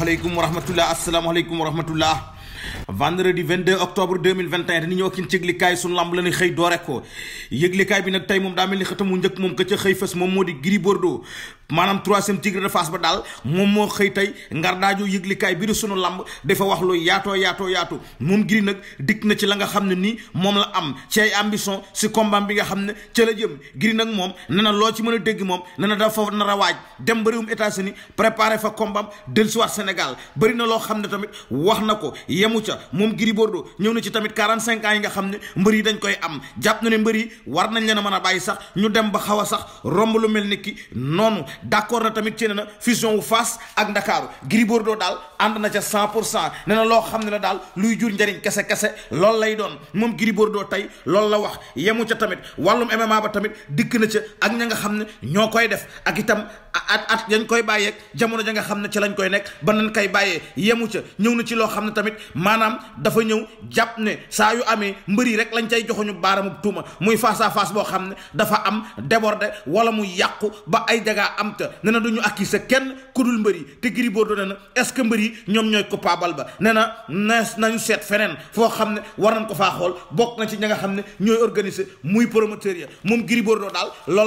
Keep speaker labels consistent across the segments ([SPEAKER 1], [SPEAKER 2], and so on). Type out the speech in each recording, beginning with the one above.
[SPEAKER 1] asalaamaaleykum wa rahmatullah asalaamaaleykum wa rahmatullah vendredi 22 octobre 2021 dañu ñëw kin ci yëglikaay sunu lamb la ñu xëy doore ko yëglikaay bi nag tey moom daa mel ni xëtamu njëkk moom ka ca xëy fës moom moo di Gris Bordeaux maanaam troisième tigre de Fass ba daal moom moo xëy tey ngardaajoo yëglikaay bi di sunu làmb dafa wax lu yaatoo yaatoo yaatu moom giri nag dikk na ci la nga xam ne nii moom la am ci ay ambition si combat bi nga xam ne ca la jëm giri nag moom ne na loo ci mën a dégg moom nee na dafa nar a waaj dem ba réewum États-Unis préparé fa combat dellusiwaat Sénégal bari na loo xam ne tamit wax na ko yemu ca moom giri Bordeaux ñëw na ci tamit quarante cinq ans yi nga xam ne mbër yi dañ koy am jàpp na ne mbër yi war nañ leen a mën a bàyyi sax ñu dem ba xaw a sax romb lu mel ni ki noonu d' accord na tamit ci ne na fusion wu Fass ak Ndakaaru Gris Bordeaux daal ànd na ca cent pour cent ne na loo xam ne la daal luy jur njariñ kese kese lool lay doon moom Gris Bordeaux tey loolu la wax yemu ca tamit wàllum MMA ba tamit dikk na ca ak ña nga xam ne ñoo koy def ak itam at at yañ koy bàyyeek jamono ja nga xam ne ci lañ koy nekk ba nañ koy bàyyee yemu ca ñëw na ci loo xam ne tamit maanaam dafa ñëw jàpp ne saa yu amee mbër yi rek lañ cay joxoñu baaraamub tuuma muy face à face boo xam ne dafa am débordé wala mu yàqu ba ay jagaa am te nee na du ñu accuser kenn ku dul mbër yi te Gris Bordeaux nee na mbër yi ñoom ñooy coupable ba nee na nees nañu seet feneen foo xam ne war nañ ko faa xool bokk na ci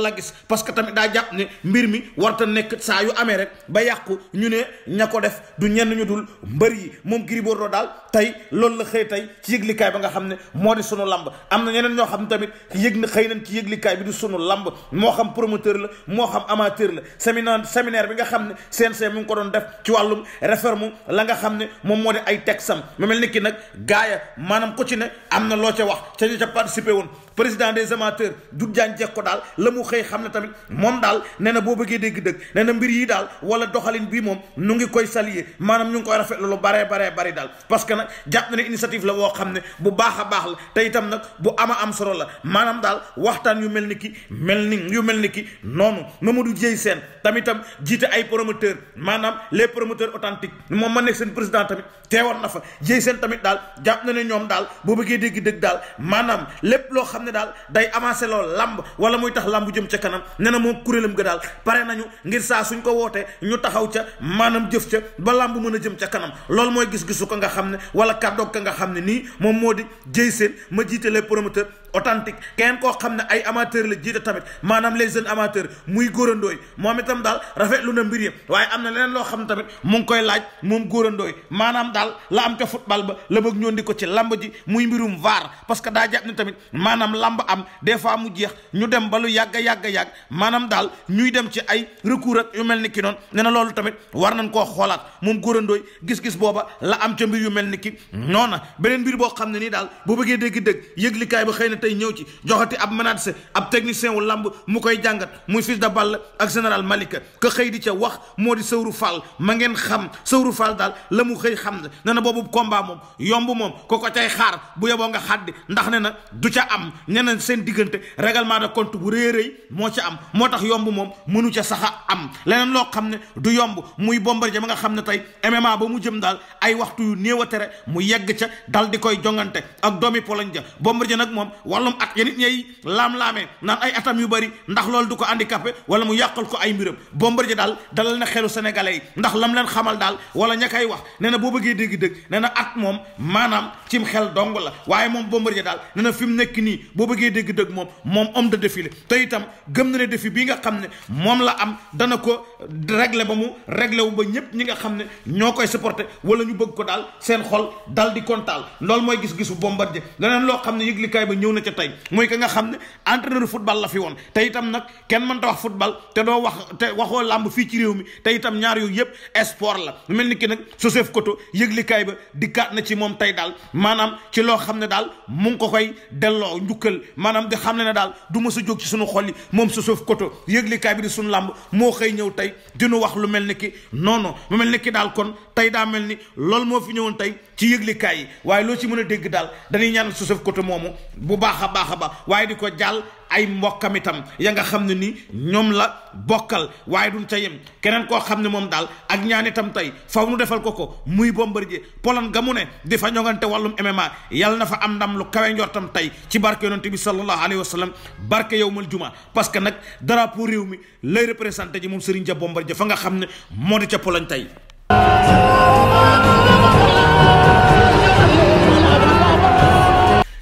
[SPEAKER 1] la gis parce que tamit daa jàpp ne mbir mi warta nekk saa yu amee rek ba yàqu ñu ne ña ko def du ñenn ñu dul mbër yi moom Gris Bordeaux daal tey loolu la xëy tey ci yëglikaay ba nga xam ne moo di sunu lamb am na ñeneen ñoo xam ne tamit yëg na ci yëglikaay bi du sunu lamb moo xam promoteur la moo xam amateur la la séminaire bi nga xam ne CNC mu ngi ko doon def ci wàllum réforme la nga xam ne moom moo di ay teg sam mu mel ni ki nag gaaya maanaam ku ci ne am na loo ca wax ca ñu ca participé woon président des amateurs du jànjeex ko daal la mu xëy xam ne tamit moom daal nee na boo bëggee dégg dëgg nee na mbir yi daal wala doxalin bii moom nu ngi koy saluer maanaam ñu ngi koy rafetlu lu baree baree bari daal parce que nag jàpp na ne initiative la woo xam ne bu baax a baax la te itam nag bu ama am solo la maanaam daal waxtaan yu mel ni ki mel ni yu mel ni ki noonu Mamadou Dieye Sène tamitam jiite ay promoteurs maanaam les promoteurs authentiques moom ma nekk seen président tamit teewoon na fa Dieye Sène tamit daal jàpp na ne ñoom daal boo bëggee dégg dëgg daal maanaam lépp loo xam ne daal day avancé lool lamb wala muy tax lamb jëm ca kanam ne na moom kuréelam ga daal pare nañu ngir saa suñ ko wootee ñu taxaw ca maanaam jëf ca ba lamb mën a jëm ca kanam loolu mooy gis-gisu ko nga xam ne wala kàddoog ka nga xam ne nii moom moo di jëy seen ma jiite les promoteurs authentique keneen koo xam ne ay amateur la jiite tamit maanaam les jeunes amateurs muy góorandooy moom itam daal rafetlu na mbir yi waaye am na leneen loo xam ne tamit mu ngi koy laaj moom góorandooy maanaam daal la am ca football ba la bëgg ñoo ko ci lamb ji muy mbirum vaar parce que daa jàpp ne tamit maanaam lamb am des fois mu jeex ñu dem ba lu yàgg a yàgg yàgg maanaam daal ñuy dem ci ay recours ak yu mel ni ki noonu nee na loolu tamit war nañ koo xoolaat moom góorandooy gis-gis booba la am ca mbir yu mel ni ki noona beneen mbir boo xam ne nii daal boo bëggee dégg-dégg yëglikaay ba xëy na tey ñëw ci joxati ab menace ab technicien wu lamb mu koy jàngat muy fils de Balla ak général Malika ka xëy di ca wax moo di Sëwru Fall ma ngeen xam Sëwru Fall daal la mu xëy xam ne na boobu combat moom yomb moom ko ko cay xaar bu yeboo nga xaddi ndax ne na du ca am ñeneen seen diggante règlement de compte bu rëy rëy moo ca am moo tax yomb moom mënu ca saxa am leneen loo xam ne du yomb muy Bombardier ma nga xam ne tey MMA ba mu jëm daal ay waxtu yu néew a tere mu yegg ca dal di koy jongante ak doomi Pologne ja Bombardier moom wàllum at ya nit ñay laam-laamee naan ay atam yu bëri ndax loolu du ko handicapé wala mu yàqal ko ay mbiram bombar Bombardier daal dalal na xelu sénégalais yi ndax lam leen xamal daal wala ña koy wax nee na boo bëggee dégg-dëgg nee at moom maanaam cim xel dong la waaye moom Bombardier daal nee na fi mu nekk nii boo bëggee dégg-dëgg moom moom homme de défi la te itam gëm na ne défi bii nga xam ne moom la am dana ko régler ba mu régler wu ba ñëpp ñi nga xam ne ñoo koy supporter wala ñu bëgg ko daal seen xol dal di kontaal loolu mooy gis-gisu Bombardier leneen loo xam ne yëglikaay ba ñëw na na ca tey muy ka nga xam ne entraîneur football la fi woon te itam nag kenn mënta wax football te doo wax te waxoo làmb fii ci réew mi te itam ñaar yooyu yëpp sport la mu mel ni ki nag Joseph Koto yëglikaay ba dikkaat na ci moom tey daal maanaam ci loo xam ne daal mu ko koy delloo njukkal maanaam di xam ne ne daal du mës a jóg ci sunu xol yi moom Joseph Koto yëglikaay bi di sunu làmb moo xëy ñëw tey dinu wax lu mel ni ki non mu mel ni ki daal kon tey daa mel ni lool moo fi ñëwoon tey ci yëglikaay yi waaye loo ci mën a dégg daal dañuy ñaan Joseph Koto moomu bu baax baax baax a baax waaye di ko jàll ay mbokkam itam ya nga xam ne ni ñoom la bokkal waaye duñ ca yem keneen koo xam ne moom daal ak ñaan tey faw nu defal ko ko muy Bombardier Pologne ga mu ne di fa ñogante wàllum MMA yàlla na fa am ndam lu kawe njortam tey ci barke yonent bi sallallahu alayhi wa sallam barke yawmal juma parce que nag drapeau réew mi lay représenté ji moom Serigne Dia Bombardier fa nga xam ne moo di ca Pologne tey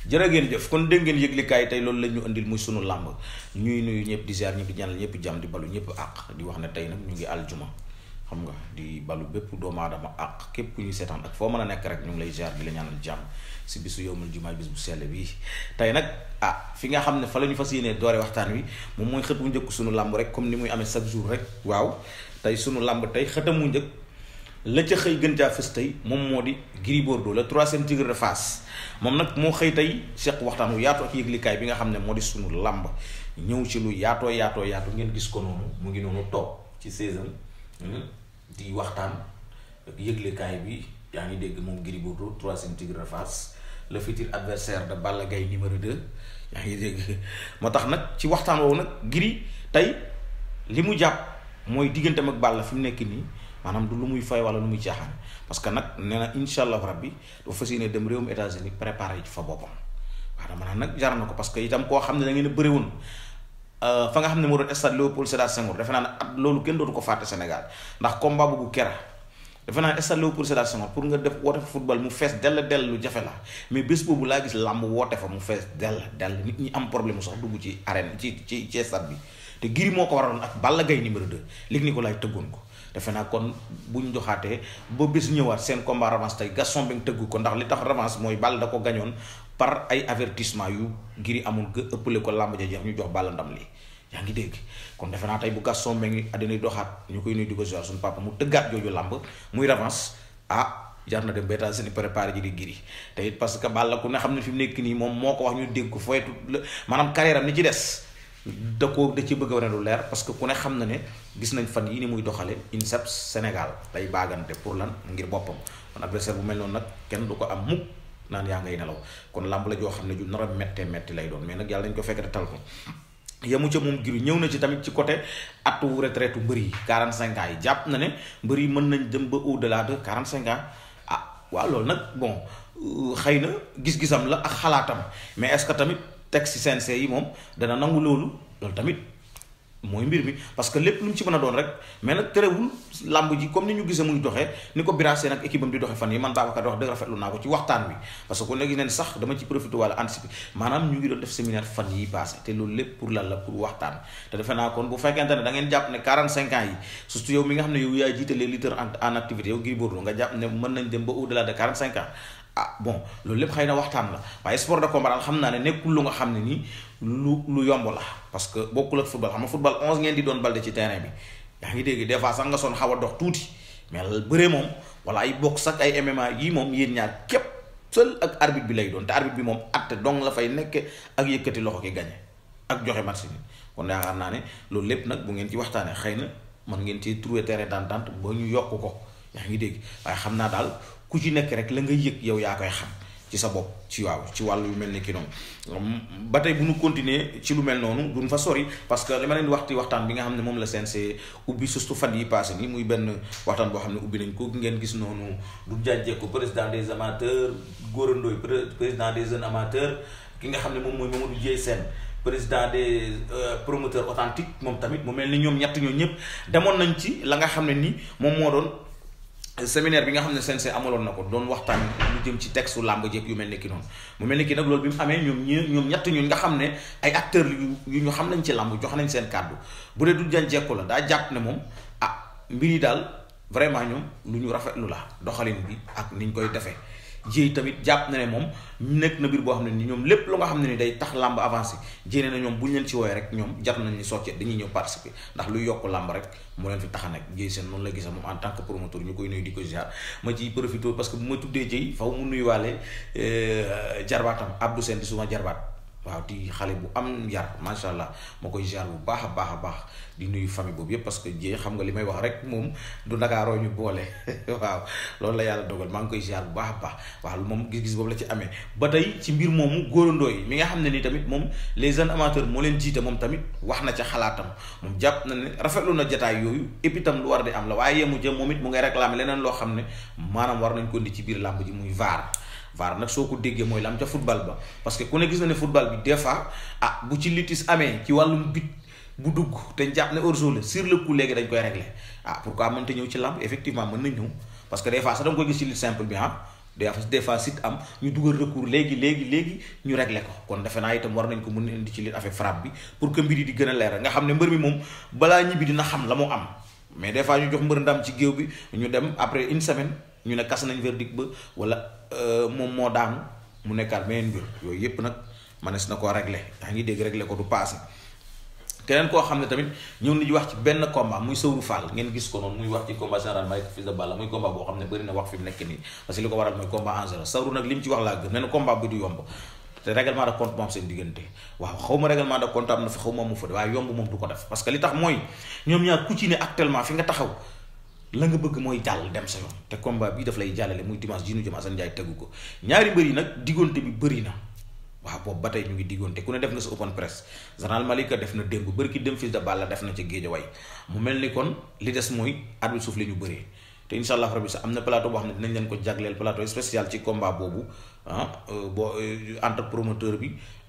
[SPEAKER 1] jërë ngeen jëf kon dégg ngeen yëglikaay tey loolu la ñu indil muy sunu làmb ñuy nuyu ñëpp di ziar ñëpp di ñaanal ñëpp jàmm di balu ñëpp àq di wax ne tey nag ñu ngi aljuma xam nga di balu bépp doomu aadama àq képp ku ñuy seetaan ak foo mën a nekk rek ñu ngi lay ziar di la ñaanal jàmm si bisu yowmal jumaay bis bu sell bii tey nag ah fi nga xam ne fa la ñu fas yéenee doore waxtaan wi moom mooy xët wu njëkk sunu làmb rek comme ni muy amee chaque jour rek waaw tey sunu làmb tey xëtamu njëkk la ca xëy gën caa fës tey moom moo di Gris Bordeaux le troisième tigre de Fass moom nag moo xëy tey seq waxtaan wu yaatoo ak yëglikaay bi nga xam ne moo di sunu làmb ñëw ci lu yaatoo yaatoo yaatu ngeen gis ko noonu mu ngi noonu toog ci saison hmm, di waxtaan ak bi yaa ngi dégg moom Gris Bordeaux troisième tigre de Fass le futur adversaire de Balla Gaye numéro 2 yaa ngi dégg moo tax nag ci waxtaan woowu nag Gris tey li mu jàpp mooy digganteem ak Balla fi mu nekk nii. maanaam du lu muy wala lu muy caaxaan parce que nag nee na incha allahu dem réewum États-Unis préparé ji fa jar na ko parce que itam koo xam ne da ngeen a euh, nga xam ne moo doon stade Léopold Sédar Senghor defe naa ne at loolu kenn dootu ko fàtte Sénégal ndax combat bu kera defe naa stade Léopold Sédar Senghor pour nga def woote fa football mu fees dell dell jafe la mais bés boobu laa gis làmb woote fa mu fees dell dell nit ñi am problème sax dugg ci arène ci ci ci stade bi te Gris moo ko waroon ak Balla Gaye numéro 2 léegi ni ko laay tëggoon ko. defe naa kon bu ñu joxaatee ba bis ñëwaat seen combat revanche tey Gaston Mbengue tëgg ko ndax li tax revanche mooy bal da ko gañoon par ay avertissement yu Gris amul gë ëppale ko làmb ja jeex jox Balla ndam li yaa ngi dégg kon defe naa tey bu Gaston Mbengue àddinay doxaat ñu koy nuy di ko jox suñu papa mu tëggaat jooju làmb muy revanche ah jar na dem ba état seen préparé ji di Gris te it parce que Balla ku ne xam ne fi mu nekk nii moom moo ko wax ñu dégg ko foyetu maanaam carrière am ci des da ko da ci bëgg a wane lu leer parce ku ne xam na ne gis nañ fan yi ni muy doxale INSEP Sénégal day baagante pour lan ngir boppam kon adversaire bu mel noonu nag kenn du ko am mukk naan yaa ngay nelaw kon làmb la joo xam ne ju nar a méttee métti lay doon mais nag yàlla dañ ko fekk te tal ko yemu ca moom Gris ñëw na ci tamit ci côté atu retraite mbër yi 45 ans yi jàpp na ne mbër yi mën nañ dem ba au delà de 45 ans ah waaw loolu nag bon euh, xëy na gis-gisam la ak xalaatam teg si CNC yi moom dana nangu loolu loolu tamit mooy mbir mi parce que lépp lu mu ci mën a doon rek mais nag terewul làmb ji comme ni ñu gisee muy doxee ni ko birasee nag équipe am di doxee fan yi man Babacar naa ko ci waxtaan wi parce que nekk neen sax dama ci profité wala anticiper maanaam ñu ngi doon def séminaire fan yi passé te loolu lépp pour lan la pour waxtaan te defe naa kon bu fekkente ne da ngeen jàpp ne 45 ans yi surtout yow mi nga xam ne yow yaay jiite les lutteurs en activité yow Gris Bordeaux ah bon loolu lépp xëy na waxtaan la waaye sport de combat daal xam naa ne nekkul lu nga xam ne nii lu lu yomb la parce que bokkul ak football xam nga football onze ngeen di doon balde ci terrain bi yaa ngi dégg des fois sax nga son xaw a dox tuuti mais bëree moom wala ay boxe ak ay MMA yi moom yéen ñaar képp seul ak arbitre bi lay doon te bi moom atte dong la fay nekke ak yëkkati loxo ki gañe ak joxe match bi kon yaakaar naa ne loolu lépp nag bu ngeen ci waxtaanee xëy na mën ngeen ci trouver terrain dant ba ñu yokk ko yaa ngi dégg waaye xam naa daal ku ci nekk rek la ngay yëg yow yaa koy xam ci sa bopp ci waaw ci wàll yu mel ni ki noonu mm, ba tey bu ñu continuer ci lu mel noonu duñ fa sori parce que li ma leen di waxti waxtaan bi nga xam ne moom la CNG ubbi surtout fan yi passé nii muy benn waxtaan boo xam ne ubbi nañ ngeen gis noonu du jàjjee ko président des amateurs Gora Ndoye président des jeunes amateurs ki nga xam ne moom mooy Mamadou Dieye Sène président des euh, promoteurs moom tamit mu mel ni ñoom ñett ñoo ñëpp demoon nañ ci la nga xam ne nii moom moo doon séminaire bi nga xam ne seen CNG amaloon na ko doon waxtaan lu jëm ci texte làmb jëpp yu mel ne ki noonu mu mel ne ki nag loolu bi mu amee ñoom ñi ñoom ñett ñun nga xam ne ay acteurs yu ñu xam nañ ci làmb jox nañ seen kàddu bu dee du jan jekku la daa jàpp ne moom ah mbir yi daal vraiment ñoom lu ñu rafet lu la doxalin bi ak niñ koy defee jéy tamit jàpp na ne moom nekk na mbir boo xam ne ni ñoom lépp lu nga xam ne ni day tax làmb avancé jéene na ñoom bu ñu leen ci woowee rek ñoom jar nañ ni socce dañuy ñëw participer ndax lu yokk làmb rek moo leen fi tax a nekk jéy seen noonu la gisa moom en tant que promoteur ñu koy nuyu di ko ziar ma ci profité parce que bu ma tuddee jéy faw mu nuyuwaale euh, jarbaatam Abdou Sène di suma jarbaat waaw di xale bu am yar macha allah ma koy jaar bu baax a baax a baax di nuyu famille boobu yëpp parce que jee xam nga li may wax rek moom du ndakaaroo ñu boole waaw loolu la yàlla dogal maa ngi koy jaar bu baax a baax waaw moom gis-gis boobu la ci amee ba tey ci mbir moomu góorandoo yi mi nga xam ne ni tamit moom les jeunes amateurs moo leen jiite moom tamit wax na ca xalaatam moom jàpp na ne rafetlu na jataay yooyu et puis lu war di am la waaye yemu jëm moom it mu ngay leneen loo xam ne maanaam nañ ko indi ci biir làmb ji muy vaar VAR nag soo ko déggee mooy la am ca football ba parce que ku ne gis na ne football bi des ah bu ci litis amee ci wàllum bit bu dugg te jàpp ne hors-jeu la sur le coup dañ koy régler ah pourquoi mënta ñëw ci làmb effectivement mën nañ ñëw parce que des fois sax da nga koy gis ci lit simple bi ah des fois am ñu dugal recours léegi léegi léegi ñu régler ko kon defe naa itam war nañ ko mën a indi ci lit affaire frappe bi pour que mbir di gën a leer xam ne mbër mi moom balaa ñibbi dina xam la mu mais des fois ñu jox mbër ndam après une semaine ñu ne kas nañ verdict ba wala euh, moom moo daanu mu nekkaat beneen mbir yooyu yëpp nag manees na koo régler yaa ngi dégg régler ko du passé keneen koo xam ne tamit ñëw nañu wax ci benn combat muy Sëwru Fall ngeen gis ko noonu muy wax ci combat général Malick Fils de Balla muy combat boo xam ne bëri na wax fi mu nekk nii parce que li ko waral mooy combat en Sëwru nag li mu ci wax laa gëm nee na combat bi du yomb te règlement de compte moom seen diggante waaw xaw ma règlement xaw ma mu fa ko def parce que li tax mooy ñoom ñaar ku fi nga taxaw la nga bëgg mooy jàll dem sa yoon te combat bii daf lay jàllale muy dimanche ji nu jëm Assane Ndiaye tegu ko ñaari mbër yi nag diggonte bi bëri na waa boobu ba tey ñu ngi diggante ku ne def nga sa open press général Malika def na démb bëri ki dem fils de Balla def na ca Géejawaay mu mel ni kon li des mooy at suuf la ñu bëree te incha allah rabi sax am na plateau boo xam ne dinañ leen ko jagleel plateau spécial ci combat boobu ah euh, boo euh, entre promoteur bi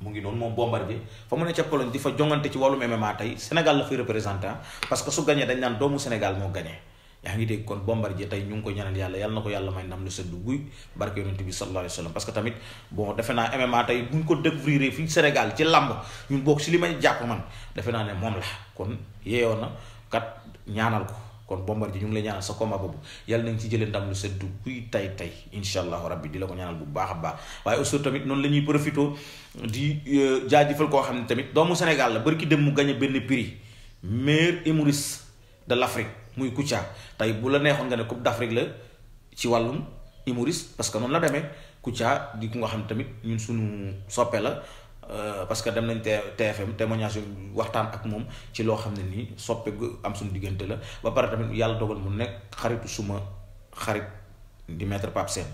[SPEAKER 1] mu ngi noonu moom Bombardier fa mu ne ca Pologne di fa jongante ci wàllum MMA tey Sénégal la fay représenté parce que su gañee dañ naan doomu Sénégal moo gañee yaa ngi dégg kon Bombardier tey ñu ngi ko ñaanal yàlla yàlla na ko yàlla may ndam lu sëdd guy barke yonent bi sallallahu alayhi wa sallam parce que tamit bon defe naa MMA tey bu ñu ko découvrir fii Sénégal ci làmb ñun bokk si li may jàpp man defe naa ne moom la kon yeeyoon na kat ñaanal ko kon Bombardier ñu ngi lay ñaanal sa combat boobu yàlla nañ ci jëlee ndam lu seddu kuy tay tay incha allahu rabbi di la ko ñaanal bu baax a baax waaye aussi tamit noonu la ñuy profité di euh, jaajëfal koo xam ne tamit doomu Sénégal la bari ki dem mu gagné benn prix meilleur humoriste de l' Afrique muy Kouthia tey bu la neexoon nga ne Coupe d' la ci wàllum humoriste parce que noonu la demee Kouthia di ku nga xam ne tamit ñun suñu soppe la Euh, parce que dem nañ te TFM témoignage waxtaan ak moom ci loo xam ne nii soppe am suñu diggante la ba pare tamit yàlla dogal mu nekk xaritu suma xarit di maître Pape Sène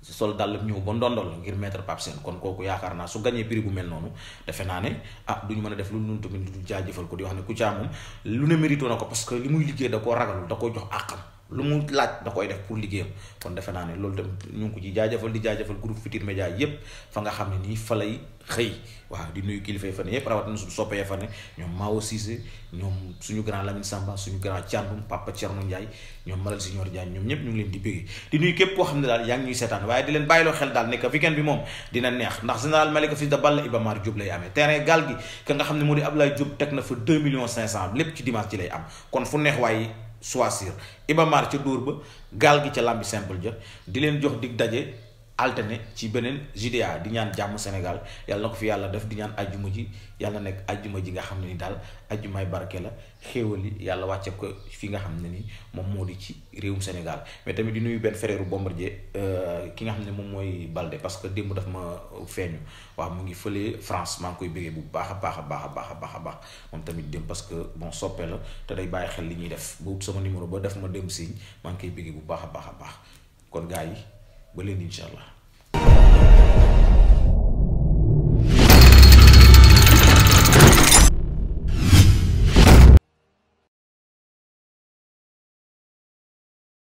[SPEAKER 1] sol dàll ñëw ba ndondol ngir maître Pape Sène kon kooku yaakaar naa su gañee prix bu mel noonu defe naa ne ah ñu mën a def lu nun tamit du jaajëfal ko di wax ne Kouthia moom lu ne mérito na ko parce que li muy liggéey da koo ragalul da koo jox am lu mu laaj da koy def pour liggéeyam kon defe naa ne loolu tam ñu ngi ko ci jaajëfal di jaajëfal groupe Futurs Médias yépp fa nga xam ne nii fa lay xëy waaw di nuyu fa ne yépp rawatina suñu soppe ya fa ne ñoom Mao Cissé ñoom suñu grand leen di koo xam ne daal yaa ngi ñuy seetaan waaye di leen bàyyiloo xel daal nekk weekend bi moom dina neex ndax général Malika fils de Balla Iba Mar lay amee terrain gaal gi ka nga xam ne moo di Ablaye Diop teg na fa 2 millions 500 lépp ci dimanche ci lay am kon fu neex waaye Soisir Iba Mar ca dóor ba gaal gi ca làmbi simple ja di leen jox dig daje alterné ci beneen JDA di ñaan jàmm Sénégal yàlla na ko fi yàlla def di ñaan ajjuma ji yàlla nekk ajjuma ji nga xam ne ni daal ajumay barke la xéewal yi yàlla wàcce ko fi nga xam ne ni moom moo di ci réewum Sénégal mais tamit di nuyu benn frère Bombardier euh, ki nga xam ne moom mooy Balde parce que démb dafa ma feeñu waaw mu ngi fële France maa ngi koy bëggee bu baax a baax a baax a baax a baax a baax moom tamit démb parce que bon soppee la te day bàyyi xel li ñuy def ba wut sama numéro ba def ma démb signe maa ngi koy bëggee bu baax a baax a baax kon gars ba leen incha allah.